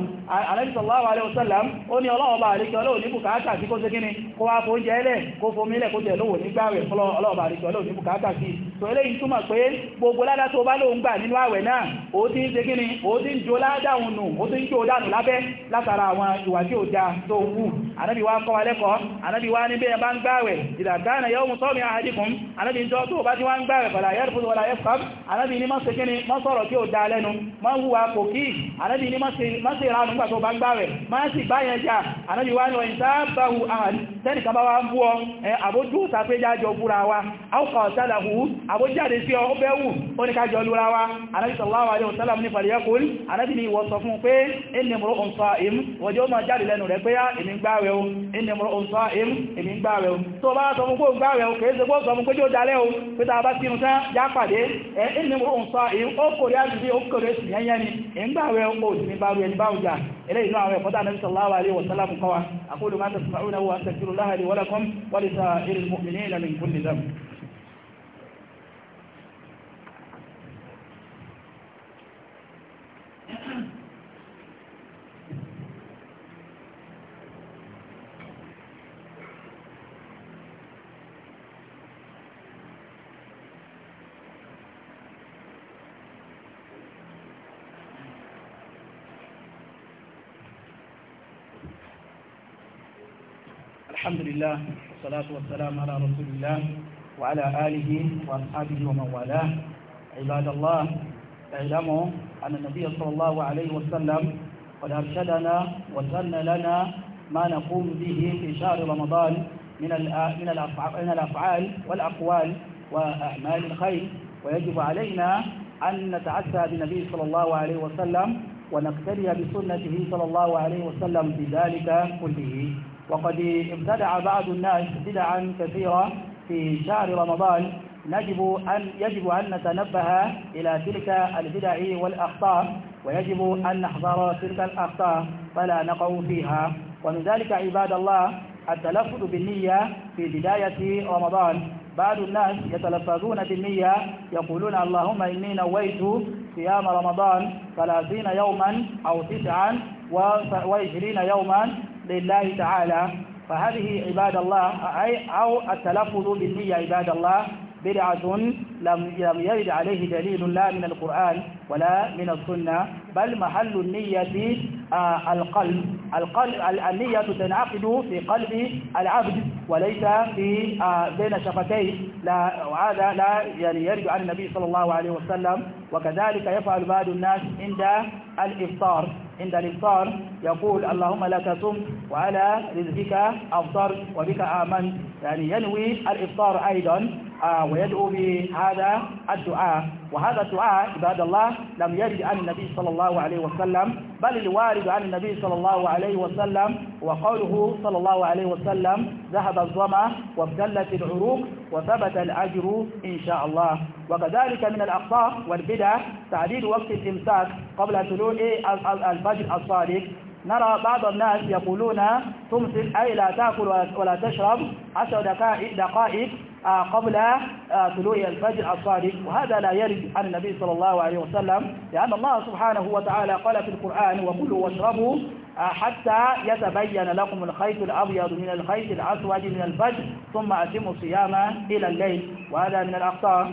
anábì sallallahu alaihi wasallam ó ní ọlọ́wọ́ bá àríkẹ́ ọlọ́wọ́ ní bùkátà sí kó ṣe kíni kó wá fóúnjẹ ẹlẹ̀ kó fomílẹ̀ kó jẹ lówó nígbàwẹ̀ ọlọ́wọ́ bá àríkẹ́ ọlọ́wọ́ ní bùkátà sí so eléyìí túmọ̀ pé gbogbo ládá tó bá lóun gbà nínú àwẹ̀ náà náà ó ti ń ṣe kí ni ó ti ń jò ládáhùn nù ó ti ń jò dánù lábẹ́ látara àwọn ìwà tí ó da tó wù anábi wa kọ́ wa lẹ́kọ̀ọ́ anábi wa ní bẹ́ẹ̀ bá ń gbáwẹ̀ ìdàgbàna yóò mú sọ́mí àhàdìkún anábi ń jọ tó bá ti wá ń gbáwẹ̀ pẹ̀lá yẹ́rùfún wọlá yẹ́fàb anábi ní mọ́sí kíni mọ́sọ̀rọ̀ tí ó dá lẹ́nu má hùwà kò kí anábi ní mọ́sí ìranù nígbà tó bá ń gbáwẹ̀ má sì báyẹn wa ní wọ́n sábàwù àhàn tẹ́nì kan bá wá ń bú ọ àbójú sàpéjájọ búra wa áwùkọ̀ sálàhù àbójáde sí sallallahu alaihi wasallam ní fàríyàkùn anábì ni wọ́n sọ fún pé inni mur'un sa'im wọ́jọ́ ma jáde lẹ́nu rẹ̀ pé yá ah, èmi ń gbáwẹ̀ o inni mur'un sa'im èmi ń gbáwẹ̀ o tó bá sọ fún kó ń gbáwẹ̀ o kèése kó sọ fún pé jó dalẹ́ o pé ta bá sínú tán já pàdé ẹ inni mur'un sa'im ó kòrí àjùbí ó kòrí èsì yẹnyẹn ni ń gbáwẹ̀ o sì ní báru ẹni báru jà eléyìí náà àwọn ẹ̀kọ́ta anábì sallallahu alaihi wasallam kọwa aqulu ma tasma'una wa astaghfirullaha li wa lakum wa lisa'iril mu'minina min kulli dhanb الحمد لله والصلاة والسلام على رسول الله وعلى آله وأصحابه ومن والاه عباد الله اعلموا أن النبي صلى الله عليه وسلم قد أرشدنا وسن لنا ما نقوم به في شهر رمضان من من الأفعال والأقوال وأعمال الخير ويجب علينا أن نتعسى بالنبي صلى الله عليه وسلم ونقتدي بسنته صلى الله عليه وسلم في ذلك كله وقد ابتدع بعض الناس بدعا كثيرة في شهر رمضان نجب أن يجب أن نتنبه إلى تلك البدع والأخطاء ويجب أن نحذر تلك الأخطاء فلا نقع فيها ومن ذلك عباد الله التلفظ بالنية في بداية رمضان بعض الناس يتلفظون بالنية يقولون اللهم إني نويت صيام رمضان ثلاثين يوما أو تسعا وعشرين يوما لله تعالى فهذه عباد الله أي أو التلفظ بالنية عباد الله بدعة لم يرد عليه دليل لا من القرآن ولا من السنة بل محل النية آه، القلب القلب النية تنعقد في قلب العبد وليس في آه، بين شفتيه لا وهذا لا يعني يرجع عن النبي صلى الله عليه وسلم وكذلك يفعل بعض الناس عند الإفطار عند الإفطار يقول اللهم لك صم وعلى رزقك أفطر وبك آمن يعني ينوي الإفطار أيضا آه، ويدعو بهذا الدعاء وهذا الدعاء عباد الله لم يرد عن النبي صلى الله عليه وسلم بل الوارد عن النبي صلى الله عليه وسلم وقوله صلى الله عليه وسلم ذهب الظما وابتلت العروق وثبت الأجر إن شاء الله وكذلك من الأخطاء والبدع تعديل وقت الإمساك قبل طلوع الفجر الصادق نرى بعض الناس يقولون تمسك أي لا تأكل ولا تشرب عشر دقائق, دقائق آه، قبل آه، طلوع الفجر الصادق وهذا لا يرد عن النبي صلى الله عليه وسلم لأن الله سبحانه وتعالى قال في القرآن وكلوا واشربوا آه، حتى يتبين لكم الخيط الأبيض من الخيط الأسود من الفجر ثم أتموا الصيام إلى الليل وهذا من الأخطاء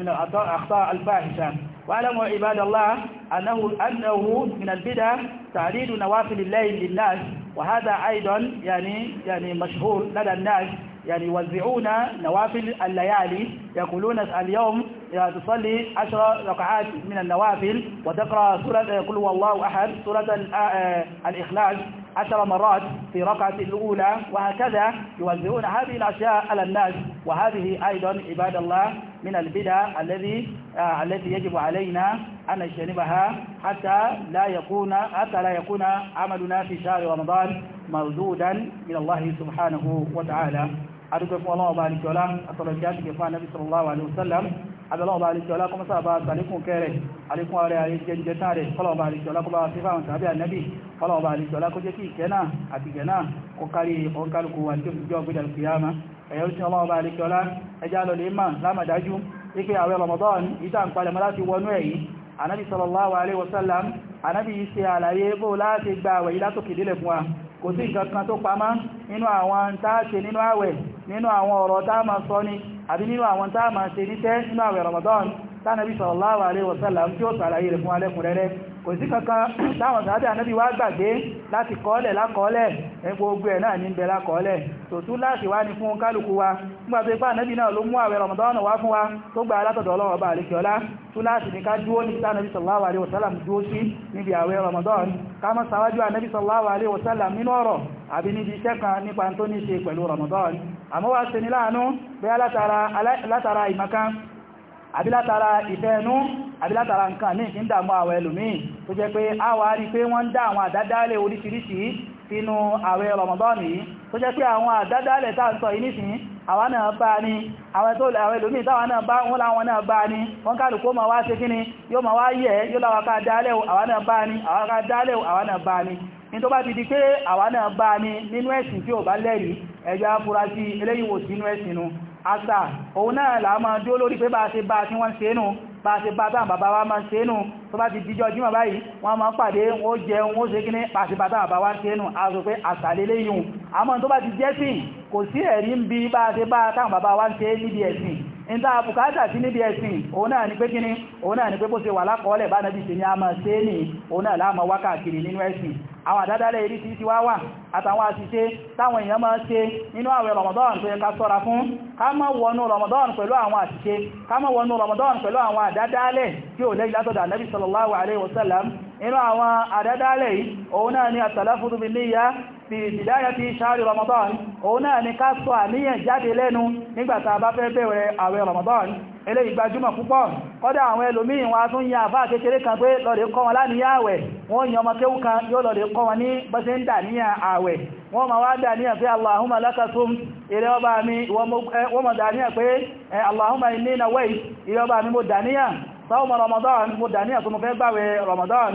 من الأخطاء الفاحشة واعلموا عباد الله أنه, أنه من البدع تعديد نوافل الليل للناس وهذا أيضا يعني يعني مشهور لدى الناس يعني يوزعون نوافل الليالي يقولون اليوم تصلي عشر ركعات من النوافل وتقرأ سورة قل هو الله أحد سورة آه، آه، الإخلاص عشر مرات في ركعة الأولى وهكذا يوزعون هذه الأشياء على الناس وهذه أيضا عباد الله من البدع الذي آه، التي يجب علينا أن نجتنبها حتى لا يكون حتى لا يكون عملنا في شهر رمضان مردودا من الله سبحانه وتعالى أرجو الله بارك الله أصلى الجاد كفى النبي صلى الله عليه وسلم على الله بارك الله كما صلى الله عليه وسلم عليكم على الجن جتارة صلى الله عليه وسلم كما صفى من صحابي النبي صلى الله عليه وسلم كجتي كنا أتي كنا كقالي كقالي كوانتم جواب إلى القيامة ẹ̀yẹ́ òṣìṣẹ́ ọlọ́run bá alẹ́kẹ́ ọlá ẹjá lọ lè máa lámàdájú wípé àwẹ̀ Ramadan ìta ń palẹ̀ mọ́ láti wọnú ẹ̀yí anábì sallallahu alaihi wasallam anábì yìí ṣe àlàyé bó láti gba àwẹ̀ yìí látòkè délẹ̀ fún wa kò sí nǹkan kan tó pamọ́ nínú àwọn táàṣe nínú àwẹ̀ nínú àwọn ọ̀rọ̀ táàmà sọ ni kò sí kankan táwọn sàádé ànábì wá gbàgbé láti kọ́ọ́lẹ̀ lákọ́ọ́lẹ̀ gbogbo ẹ̀ náà ní bẹ lákọ́ọ́lẹ̀ tòtú láti wá ní fún kálukú wa nígbà tó ipá ànábì náà ló mú àwẹ̀ Ramadan wá fún wa tó gba alátọ̀dọ̀ Ọlọ́run ọba àlekíọlá tú láti ní ká dúó ní sànábì sallallahu alaihi wasallam dúó sí níbi àwẹ̀ Ramadan ká má sáwájú ànábì sallallahu alaihi wasallam nínú ọ̀rọ̀ àbí níbi iṣẹ́ kan nípa tó ní ṣe pẹ̀lú Ramadan àmọ́ wá ṣe ní láàánú bẹ́ẹ̀ látara ìmọ̀kan àbílátara ìfẹ́ẹnú àbílátara nǹkan ní ìfíndàmú àwọn ẹlòmíì tó jẹ́ pé a wà rí pé wọ́n ń dá àwọn àdádálẹ̀ oríṣiríṣi sínú àwẹ̀ rọmọdọ́nì tó jẹ́ pé àwọn àdádálẹ̀ tàǹtọ̀ inísìn àwa náà bá ní àwọn tó àwọn ìlú mìí táwọn náà bá wọ́n láwọn náà bá ní wọ́n káàdù kó ma wá ṣe kíni yóò ma wá yẹ̀ yóò láwọ́ká ti di pé àwọn náà bá ní nínú ẹ̀sìn tí ò bá lẹ́rìí ẹjọ́ afurasí eléyìnwò sínú ẹ̀sìn nu àṣà òun náà là máa dúó lórí pé bá ṣe bá tí wọ́n ṣe nù bá ṣe bá tán bàbá wa máa ṣe nù tó bá ti díjọ́ jímọ̀ báyìí wọ́n máa pàdé wọ́n jẹun wọ́n ṣe kí ní bá ṣe bá tán bàbá wa ṣe nù a sọ pé àṣàlélẹ́ yìí àmọ́ tó bá ti jẹ́ sí kò sí ẹ̀rí ń bí bá ṣe bá tán bàbá wa ṣe níbi ẹ̀sìn ìta àbùkátà sí níbi ẹ̀sìn òun náà ni pé kíní òun náà ni pé bó ṣe wà lákọọ́lẹ̀ bá nàbí ṣe ní a máa ṣe ní òun náà láàmà wákàkiri nínú ẹ̀sìn àwọn àdádálẹ̀ èrí tí ti wá wà àtàwọn àṣìṣe táwọn èèyàn máa ṣe nínú àwẹ̀ Ramadan tó yẹ ká sọ́ra fún ká wọnú Ramadan pẹ̀lú àwọn àṣìṣe ká wọnú Ramadan pẹ̀lú àwọn àdádálẹ̀ tí ò lẹ́yìn látọ̀dà Nabi sallallahu alaihi wasallam inú àwọn àdádálẹ̀ yìí òun náà ni àtàláfúdú bí níyà fi bidayati ṣáàrí Ramadan òun náà ni ká sọ àníyàn jáde lẹ́nu nígbàtà bá fẹ́ bẹ̀rẹ̀ àwẹ̀ Ramadan eléyìí gbajúmọ̀ púpọ̀ kọ́dá àwọn ẹlòmíì wọn tún yà àfáà kékeré kan pé lọ́dẹ̀ kọ́ wọn láníyà àwẹ̀ wọ́n yàn ọmọ kéwú kan yóò lọ́dẹ̀ kọ́ wọn ní bọ́sẹ̀ ń dà níyà àwẹ̀ wọ́n ma wá dà níyà pé Allahumma lakasum ilẹ̀ ọba mi wọ́n mọ̀ dà níyà pé Allahumma inni nawayt ilẹ̀ ọba mi mo dà níyà sáwọn ramadan mo dàní àtún mo fẹ́ gbàwẹ̀ ramadan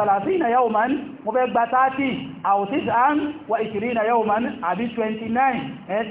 salasina yawman mo fẹ́ gba 30 àwòsís an wa ìṣìrìnà yawman àbí 29 ẹ̀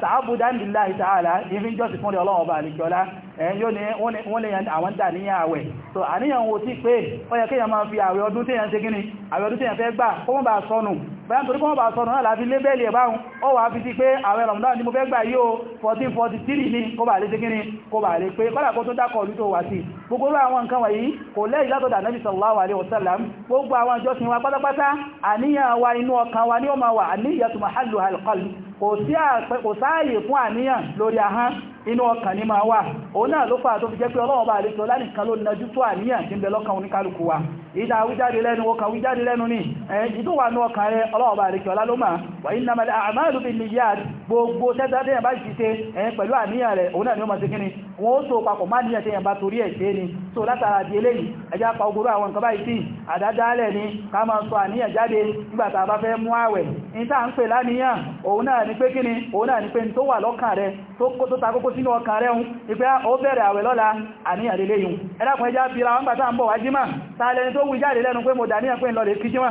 tààbùdán lillahi ta'ala ìfíjọ́sì fún ọlọ́wọ́ bá àlìkọ́lá yóò ní wọ́n lè yàn àwọn dà ní àwẹ̀ so àníyàn wo sí pé ó yẹ kéèyàn máa fi àwẹ̀ ọdún tí yàn ṣe gíní àwẹ̀ ọdún tí yàn fẹ́ gbà kó wọ́n bá sọnù báyán torí kọ́wọ́ bá sọ̀rọ̀ náà láti lébẹ̀lì ẹ̀báhùn ó wà fi sí pé àwẹ̀ Ramadan ní mo fẹ́ gbà yíò 1443 ní kó bà lè ṣégíní kó bà lè pé kọ́lá kó tó dákọ̀ olú tó wà sí gbogbo àwọn nǹkan wọ̀nyí kò lẹ́yìn látọ̀dà Nabi sallallahu alaihi wasallam gbogbo àwọn ìjọsìn wa pátápátá àníyàn wa inú ọkàn wa ní ó máa wà àníyàn tó máa hàlù alqalb kò sí ààyè fún àníyàn lórí ahán inú ọkàn ní máa wà òun náà ló fà tó fi jẹ́ pé ọlọ́wọ́ bá àlejò lánìkan ló nájú tó àníyàn tí ń bẹ lọ́kàn oníkálukú wa ìdá àwíjáde lẹ́nu ọkà àwíjáde lẹ́nu ní ẹ̀yìn tó wà ní ọkà rẹ ọlọ́ọ̀bà àríkẹ̀ ọlálọ́mà wà ní nàmàlẹ̀ àmàlù bí nìyàd gbogbo tẹ́tẹ́tẹ́yàn ni ó máa ṣe kíni wọ́n ó so papọ̀ má níyàn tẹ́yàn bá torí ẹ̀ ṣe ni so látara di eléyìí ẹjá pa ogoro àwọn nǹkan báyìí sí àdádálẹ̀ ni ká ni pé ni pé tó wà lọ́kàn rẹ tó ta kókó sínú ọkàn rẹ ń ìpé ó bẹ̀rẹ̀ àwẹ̀ lọ́la àníyàn lélẹ́yìn tó wù jáde lẹ́nu pé mo dà ní ẹ̀pẹ́ ìlọlẹ̀ kíjímà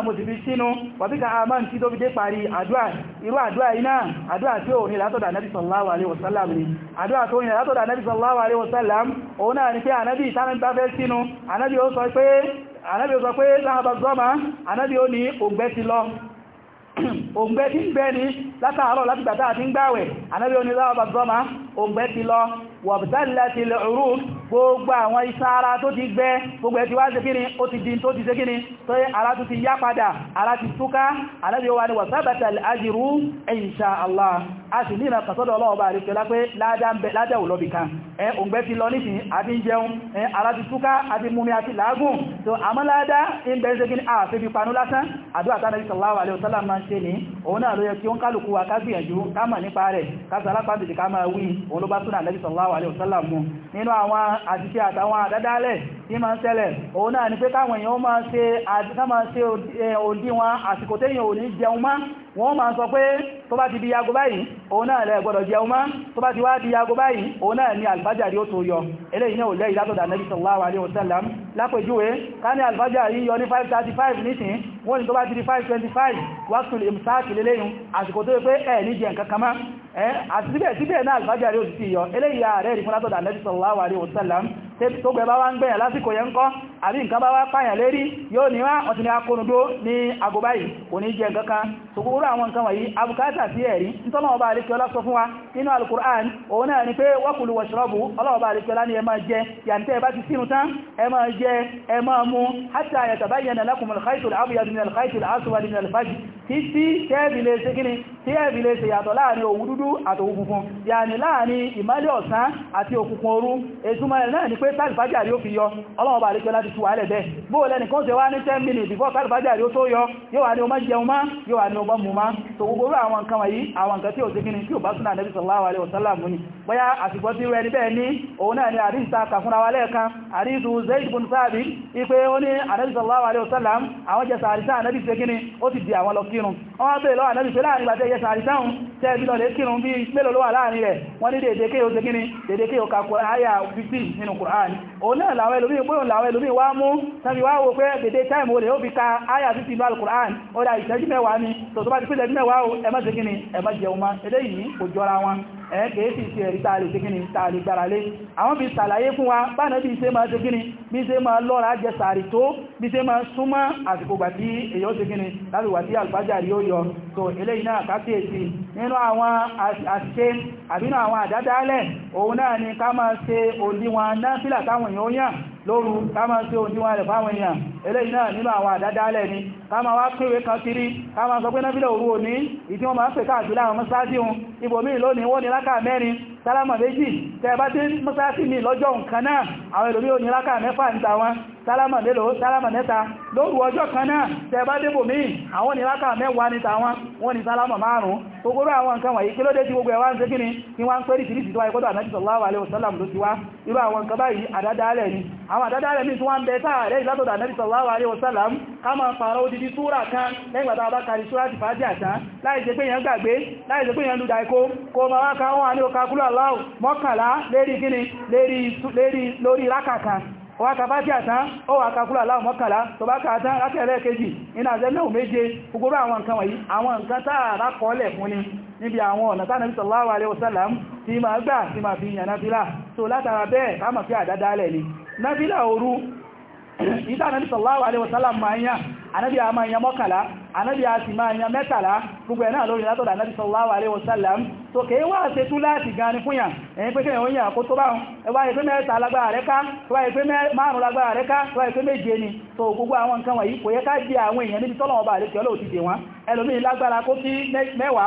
náà mo sì fi sínú wàbíkà amán tí tó fi dé parí àdúà irú àdúà iná àdúà tí ò ní látọ̀dà nẹ́bí sallallahu alaihi wasallam ni àdúà tó ní látọ̀dà nẹ́bí sallallahu alaihi wasallam òun náà ni pé ànábì ìtànà bá fẹ́ sínú ànábì ó sọ pé ànábì ó sọ pé láhàbà zọ́mà ànábì ó ní òǹgbẹ́ ti lọ [CLEARS THROAT] òǹgbẹ́ ti ń bẹ́ ni látàárọ̀ láti gbàtà àti ń gbàwẹ̀ ànábì ó ní láhàbà zọ́mà òǹgbẹ́ ti lọ wọ̀bùtẹ́lẹ̀ ti lè rú gbogbo àwọn iṣẹ́ ara tó ti gbẹ gbogbo ẹ̀ ti wá ṣe kíni ó ti di tó ti ṣe kíni tó yẹ ara tó ti yá padà ara ti túká alábíọ́ wa ni wọ̀sábẹ̀tẹ̀lẹ̀ ajírú insha Allah a sì ní ìrànkàtọ́dọ̀ ọlọ́ọ̀bà àrífẹ́ lápé ládá òlọ́bì kan ẹ òǹgbẹ́ ti lọ nísìn àti jẹun ẹ ara ti túká àti múmi àti làágùn tó àmọ́ládá ń bẹ̀rẹ̀ nípa rẹ̀ ká sàlápàá bìtì ká máa wí òun ló bá súnà Ànábì sallallahu alaihi wasallam mu nínú àwọn àṣìṣe àtàwọn àdádálẹ̀ tí máa ń ṣẹlẹ̀ òun náà ni pé káwọn èèyàn máa ṣe eh, òdiwọ̀n àsìkò téèyàn ò ní jẹun máa wọ́n máa sọ pé tó bá ti di yago báyìí òun náà lẹ gbọ́dọ̀ jẹun mọ́ tó bá ti wá di yago báyìí òun náà ni alfajari ó tó yọ eléyìí náà lẹ́yìn látọ̀dà Nabi alaihi wasallam lápèjúwe ká ní alfajari yọ ní 535 nísìn wọ́n ni tó bá ti di 525 wákùnlé ìmùsáàkì lélẹ́yìn àsìkò tó pé ẹ̀ ní jẹ nǹkan kan mọ́ àti síbẹ̀ síbẹ̀ náà alfajari ó ti yọ eléyìí ààrẹ rí fún látọ̀dà alaihi wasallam tó gbẹ bá wá ń gbẹ̀yàn lásìkò yẹn ń kọ́ àbí nǹkan bá wá pààyàn lérí yóò ní wá ọ̀tí ni akónudó ní ago báyìí kò ní jẹ nǹkan kan ṣùgbúrú àwọn nǹkan wọ̀nyí abùkátà sí ẹ̀rí nítọ́nà ọba àríkẹ́ọlá sọ fún wa ni pé wọ́kùlù wọ̀ṣọ́bù ọlọ́ọ̀bá àríkẹ́ọlá ni ẹ máa jẹ yàntẹ́ bá ti sínú tán ẹ máa jẹ ẹ máa mu hátà yatabayyana lakumul khaytul abyadu minal khaytil aswadi minal fajr títí tẹ́ẹ̀bì lè ṣe kíni tẹ́ẹ̀bì lè ṣe yàtọ̀ pé ó fi yọ ọlọ́wọ́ bá lè pẹ́ láti túwà lẹ̀ bẹ́ bóò lẹ́nì wá ní 10 minutes before sálìfájàrí ó tó yọ yóò wà ní ọmọ jẹun má yóò wà ní ọgbọ́n mú má tó gbogbo àwọn nǹkan wọ̀nyí àwọn nǹkan tí ó ti kíni tí ó bá súnà nẹ́bí sallallahu ni bóyá àsìkò 15 nínú kùrá Quran òun náà làwọn ẹlòmí pé òun làwọn ẹlòmí wá mú tàbí wá wò pé dédé táìmù olè ó fi ka áyà sí ìlú alukur'an ó dá ìṣẹ́jú mẹ́wàá ni tó tó bá ti pé ìṣẹ́jú mẹ́wàá ẹ má ṣe kíni ẹ má jẹun má eléyìí kò jọra wọn ẹ kìí sì ṣe ẹ̀rí tààlè ṣe kíni tààlè gbára lé àwọn bí ṣàlàyé fún wa báyìí náà bí ṣe máa ṣe kíni bí ṣe máa lọ́ra jẹ sàárì tó bí ṣe máa súnmọ́ àsìkò gbà tí èyí ṣe kíni láti wà tí àlùbájà rí ó yọ so eléyìí náà kákíyèsí nínú àwọn àṣìṣe àbínú àwọn àdádálẹ̀ òun náà ni ká máa ṣe òdiwọ̀n náà fílà táwọn no lóru ká máa ṣe òníwà rẹ̀ fáwọn èèyàn eléyìí náà nínú àwọn àdádálẹ̀ ni kama máa wá pèwé kan kiri ká máa sọ pé náà bílẹ̀ òru òní ìdí wọn máa ń pè káàkiri láwọn mọ́sáájì hun ibòmí lónìí wọ́n ní lákà mẹ́rin sálámà méjì tẹ́ẹ̀bá tí mọ́sáájì mi lọ́jọ́ nǹkan náà àwọn èlòmí ò ní lákà mẹ́fà ń ta wọn sálámà mélòó sálámà mẹ́ta lóru ọjọ́ kan náà tẹ́ẹ̀bá débò míì àwọn ní lákà mẹ́wàá ní tàwọn wọ́n ní sálámà márùn-ún gbogbo àwọn nǹkan wọ̀nyí kí ló dé tí gbogbo ẹ̀wà ń ṣe kíni kí wọ́n ń pẹ́ ni àwọn àdádá rẹ̀ ní tí wọ́n bẹ táà rẹ̀ ìlátọ̀dà nẹ́bí sallallahu alaihi wasallam ká máa pààrọ̀ odidi súra kan lẹ́gbàtà bá kàrí súra ti fàájì àtá láìsẹ̀ pé yẹn gbàgbé láìsẹ̀ pé yẹn lùdà ikó kó ma wá káwọn àní òkàkúlọ̀ aláwọ̀ mọ́kànlá lérí gíní lérí lórí rákàkà wọ́n ka fàájì àtán ó wà kakúrò aláwọ̀ mọ́kànlá tó bá ka àtán lákẹ̀ẹ́lẹ́ kejì iná àzẹ́lẹ́ òméje gbogbo àwọn nǹkan wọ̀nyí àwọn nǹkan tààrà kọ́ọ̀lẹ̀ fún ni níbi àwọn ọ̀nà tánàbí sallallahu alaihi wasallam tí ma gbà tí ma fi yànà fílà so látara bẹ́ẹ̀ ká mọ̀ sí àdádálẹ̀ ni náfílà òru ìdá anábì sallallahu alaihi wasallam ma ń yá anábì a ma ń yá mọ́kànlá ànábì a sì máa yan mẹ́tàlá gbogbo ẹ̀ náà lórí látọ̀dà ànábì sallallahu alaihi wasallam tó kèé wà ṣe tú láti gan ni fún yàn ẹ̀yìn pé kẹ́yìn oyin àkótó bá wọn ẹwà ìpé mẹ́ta lágbára rẹ̀ ká ẹwà ìpé márùn lágbára rẹ̀ ká ẹwà ìpé méje ni tó gbogbo àwọn nǹkan wọ̀nyí kò yẹ ká di àwọn èèyàn níbi tọ́lọ̀ ọba àlejò ọlọ́ òtìdè wọn ẹlòmí lágbára kó kí mẹ́wàá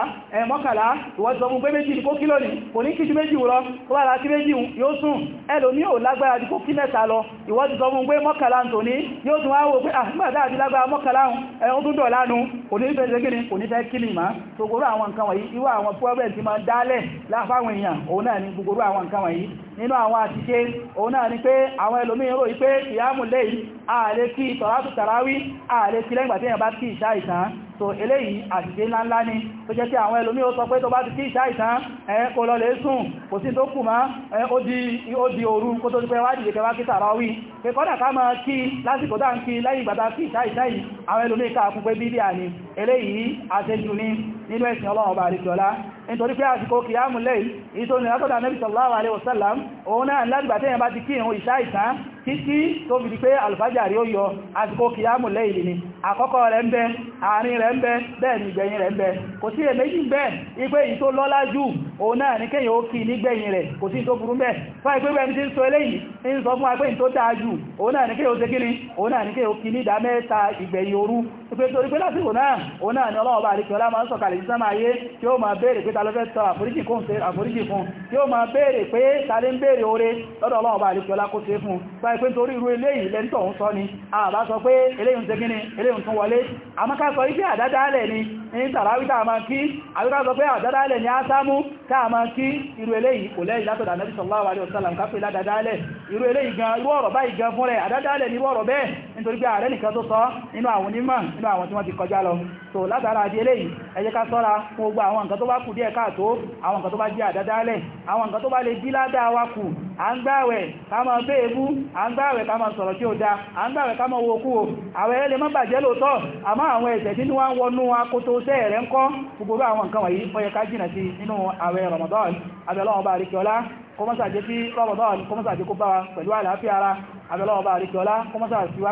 mọ́kànlá ìwọ́n sọ fún pé méjì kó kí lónìí kò ní kí ju méjì lọ tó bá kí méjì yóò sùn ẹlòmí ò lágbára ju kó kí mẹ́ta lọ ìwọ́n ti mọ́kànlá ń lẹ́nu kò ní fẹ́ ṣegíní kò ní fẹ́ kílì máa gbogbo àwọn nǹkan wọ̀nyí irú àwọn pọ́ọ̀bẹ̀ tí máa dálẹ̀ láfáwọn èèyàn òun náà ni gbogbo àwọn nǹkan wọ̀nyí nínú àwọn àṣìṣe òun náà ni pé àwọn ẹlòmí rò wípé ìyámù lẹ́yìn ààrẹ kí tọ̀rátù tàráwí ààrẹ kí lẹ́gbàtí èyàn bá kí ìṣá ìtàn so eléyìí àṣìṣe ńláńlá ni tó jẹ́ kí àwọn ẹlòmí ó sọ pé tó bá ti kí ìṣá ìtàn ẹ kò lọ lè sùn kò sí tó kù mọ́ ó di òru kó tó pẹ́ wádìí kẹwà kí tàráwí pé kọ́dà ká máa kí lásìkò nínú ẹ̀sìn ọlọ́run bá àríkọlá nítorí pé àsìkò kìyàmù lẹ́yìn ìtò nìyàtọ̀dà nẹ́bìsọ̀láwà àríwọ̀sálàm òun náà lágbàtẹ́yàn bá ti kí ìrún ìṣá ìsán títí tó fi di pé alfajari ó yọ àsìkò kìyàmù lẹ́yìn ni àkọ́kọ́ rẹ̀ ń bẹ àárín rẹ̀ ń bẹ bẹ́ẹ̀ ni ìgbẹ̀yìn rẹ̀ ń bẹ kò sí èméjì ń bẹ ipé yìí tó lọ́lá jù òun náà ní kéyàn ó kí nígbẹ̀yìn rẹ̀ kò sí tó burú mẹ́ fún ni ọlọ́wọ́ bá àríkẹ́ ọlá máa ń sọ̀kalẹ̀ sí sáma ayé tí ó máa béèrè pé ta ló fẹ́ tọ àforíjì kó ń ṣe àforíjì fún tí ó máa béèrè pé ta ló ń béèrè oore lọ́dọ̀ bá ipé torí irú eléyìí lẹ́ntọ̀ ń sọ ni a bá sọ pé eléyìn tẹ́ gíní eléyìn tún wọlé àmọ́ká sọ ipé àdádálẹ̀ ni ní tàràwítà ma kí àríká sọ pé àdádálẹ̀ ni a sámú káà ma kí irú eléyìí kò lẹ́yìn látọ̀dà Ànábì sallallahu alaihi wasallam káfí ládádálẹ̀ irú eléyìí gan irú ọ̀rọ̀ báyìí gan fún rẹ̀ àdádálẹ̀ ní irú ọ̀rọ̀ bẹ́ẹ̀ nítorí pé ààrẹ nìkan tó so látara àdí eléyìí ẹ jẹ́ ká sọ́ra fún gbogbo àwọn nǹkan tó bá kù díẹ̀ káàtó àwọn nǹkan tó bá jẹ́ àdádálẹ̀ àwọn nǹkan tó bá lè dí ládàá wa à ń gbààwẹ̀ ká máa bẹ́ ebú à ń gbààwẹ̀ ká máa sọ̀rọ̀ tí ó da à ń gbààwẹ̀ ká máa wo kú o àwọn ẹlẹ́ má bàjẹ́ lóòótọ́ àmọ́ àwọn ẹ̀ṣẹ̀ tí wọ́n ń wọnú akoto sẹ́ẹ̀ rẹ̀ ń kọ́ gbogbo àwọn nǹkan Ramadan abẹ́lọ́wọ́ bá àríkíọlá kọmọ́sàjẹ́ tí Ramadan kọmọ́sàjẹ́ kó bá wa pẹ̀lú àlàáfíà ara abẹ́lọ́wọ́ bá àríkíọlá kọmọ́sàjẹ́ tí wá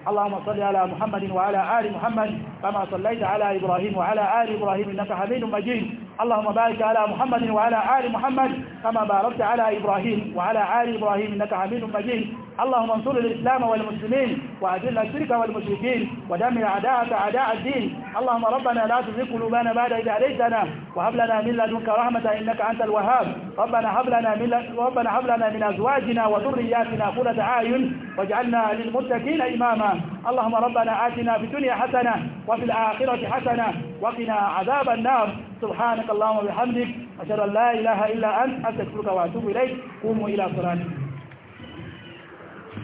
اللهم صل على محمد وعلى آل محمد كما صليت على إبراهيم وعلى آل إبراهيم إنك حميد مجيد اللهم بارك على محمد وعلى آل محمد كما باركت على إبراهيم وعلى آل إبراهيم إنك حميد مجيد اللهم انصر الإسلام والمسلمين وأذل الشرك والمشركين ودمر أعداءك أعداء الدين اللهم ربنا لا تزغ قلوبنا بعد إذ هديتنا وهب لنا من لدنك رحمة إنك أنت الوهاب ربنا هب لنا من ل... ربنا هب لنا من أزواجنا وذرياتنا قرة أعين واجعلنا للمتقين إماما اللهم ربنا آتنا في الدنيا حسنة وفي الآخرة حسنة وقنا عذاب النار سبحانك اللهم وبحمدك أشهد أن لا إله إلا أنت أستغفرك وأتوب إليك قوموا إلى صلاتكم